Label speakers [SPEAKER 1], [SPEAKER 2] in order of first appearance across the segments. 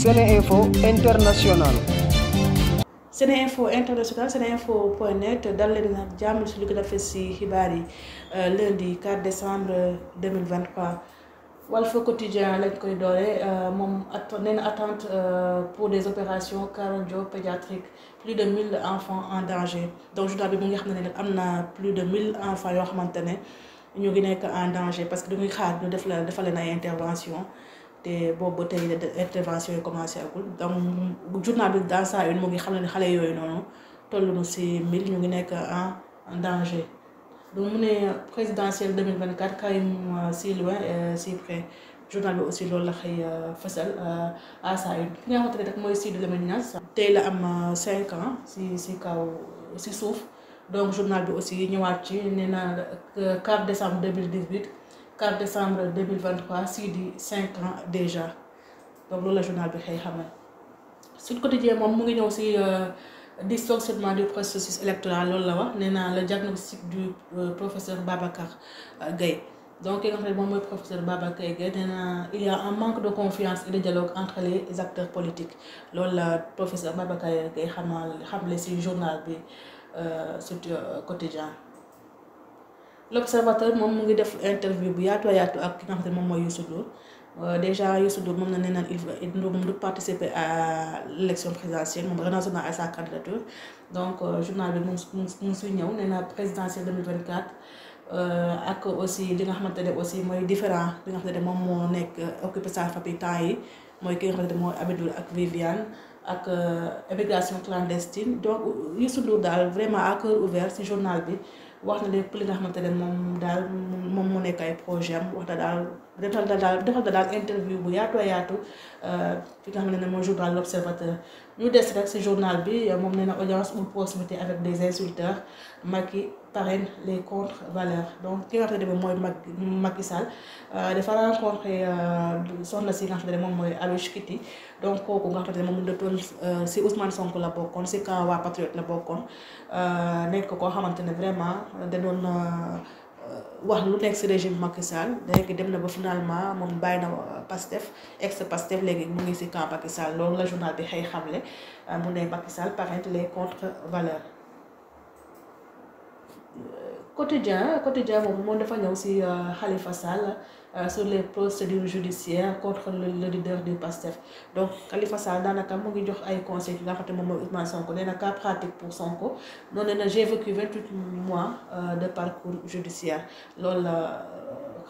[SPEAKER 1] Seneinfo International Seneinfo International Seneinfo.net dal leen nag jàmm ci lu gën a fës ci xibaar yi euh, lundi 4 décembre 2023 foo Quotidien lañ koy doole euh, moom at nee na attente euh, pour des opérations cardio-pédiatriques plus de mille enfants en danger donc journal bi mu ngi xam ne am na plus de mille enfants yoo xamante ne ñu ngi nekk en danger parce que du ñuy xaar ñu def la defalee leen ay intervention te boobu ba tey intervention yi commencé agul donc journal bi dans sa mu ngi xam ne xale yooyu noonu toll na si mille ñu ngi nekk en danger donc mu ne présidentielle 2024 Karim si loin euh, si près bi aussi loolu la xëy euh, fësal euh, à sa une ki rek mooy Sidi Lamine Niass tey la am cinq ans si si kaw si suuf donc journal bi aussi ñëwaat ci nee na 4 décembre 2018 4 décembre 2023 sii di 5 ans déjà donc loolu la journal bi xëy xam xamal Sud Quotidien moom mu ngi ñëw si euh, dysfonctionnement du processus électoral loolu la wax nee naa le diagnostic du euh, professeur Babacar euh, Gueye donc ki nga xam moom mooy professeur Babacar Gueye nee naa il y a un manque de confiance et de dialogue entre les acteurs politiques loolu la professeur Babacar Gueye xam xamle si journal bi Sud Quotidien l'observateur moom mu ngi def interview bu yaatu a yaatu ak ki nga xam moom mooy Youssou Ndour euh, déjà Youssou Ndour moom na nee naan il Ndour moom du participer à l'élection présidentielle moom renoncé na à sa candidature donc euh, journal bi mu mu suy ñëw nee na présidentielle 2024 euh, ak aussi li nga xamante ne aussi mooy différent li nga xamante ne moom moo nekk occupé sa famille yi mooy ki nga xamante ne mooy Abidoul ak Viviane ak immigration clandestine donc Youssou Ndour daal vraiment à cœur ouvert ci journal wax na lépp li nga xamante ne moom daal moom mu nekk projet am wax na daal defal na daal interview bu yaatu a yaatu euh, fi nga xam ne mooy journal l'observateur ñu des rek ci journal bi moom nee na audience ou proximité avec des insulteurs Macky parraine les contre-valeurs donc ki nga xamante ne mooy Macky Macky Sall euh, dafa rencontré euh, soxna si nga moom mooy Alouche Kitty donc kooku nga xamante ne moom la doon ci Ousmane Sonko la bokkoon ci Kawa Patriote la bokkoon nekk koo xamante ne vraiment. da na euh, wax lu nekk si régime Macky Sall dem na ba finalement moom bàyyi na euh, Pastef ex Pastef léegi mu ngi si camp Macky Sall loolu la journal bi xëy xamle euh, mu ne Macky Sall parraine les contre valeurs quotidien quotidien boobu moom dafa ñëw ci euh, Khalifa Sall euh, sur les procédures judiciaires contre le leader du PASTEF donc Khalifa saal daanaka mu ngi jox ay conseils ki nga xam ne moom mooy Ousmane Sonko nee na cas pratique pour Sonko noonu nee na j'ai vécu vingt-huit mois euh, de parcours judiciaire loolu la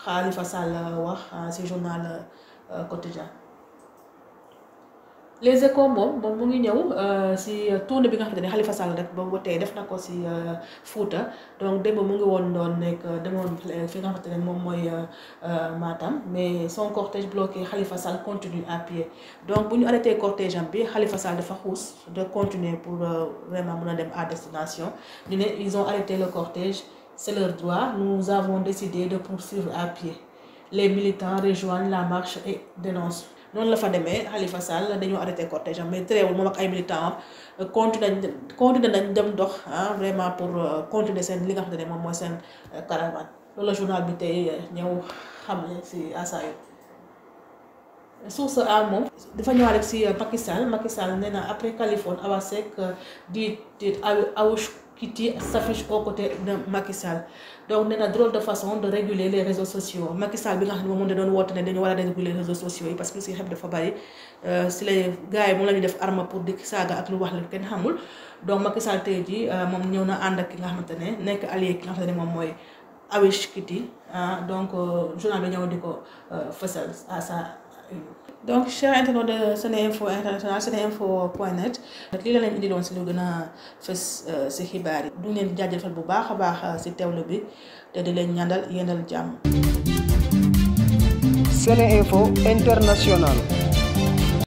[SPEAKER 1] xaalifa Sall wax ci journal quotidien les échos moom moom mu ngi ñëw euh, si tournée bi nga xamante ne Khalifa Sall rek ba wotee def na ko si euh, Fouta donc mu ngi woon doon nekk euh, demoon fi nga xamante ne moom mooy Matam mais son cortège bloqué Khalifa Sall continue à pied donc bu ñu arrêté cortège am bi xalifa Sall dafa xuus de continuer pour vraiment mun a dem à destination ñu ne ils ont arrêté le cortège c'est leur droit nous avons décidé de poursuivre à pied les militants rejoignent la marche et dénoncent noonu la fa demee Khalifa Sall dañoo arrêté cortège am mais tereewul moom ak ay militants am euh, continué nañ continué dem dox ah vraiment pour euh, continuer seen li nga xam ne moom mooy seen euh, caravane loolu la journal bi tey ñëw xam ne si asaayu. source a moom dafa ñëwaat rek si euh, Macky Sall Macky Sall nee na après Kaliphone Awa Seck euh, di di Awoush Kitty s'affiche aux côtés de Macky Sall donc nee na drôle de façon de réguler les réseaux sociaux Macky bi nga xam ne moom da doon woote ne dañu war a réguler les sociaux yi parce que si xeb dafa bari euh, si lay gars moom la def arme pour di saaga ak lu wax la kenn xamul donc Macky Sall tey jii moom ñëw na ànd ak ki nga xamante ne nekk allié ki nga xamante ne moom mooy Awoush Kitty ah, donc journal bi ñëw di ko fësal sa. donc chers internautes de Seneinfo International seneinfo.net lii la leen indiloon si lu gën a fës euh, si xibaar yi du leen jaajëfal bu baax a baax euh, si teewlu bi te di leen ñaanal yendal jàmm Seneinfo International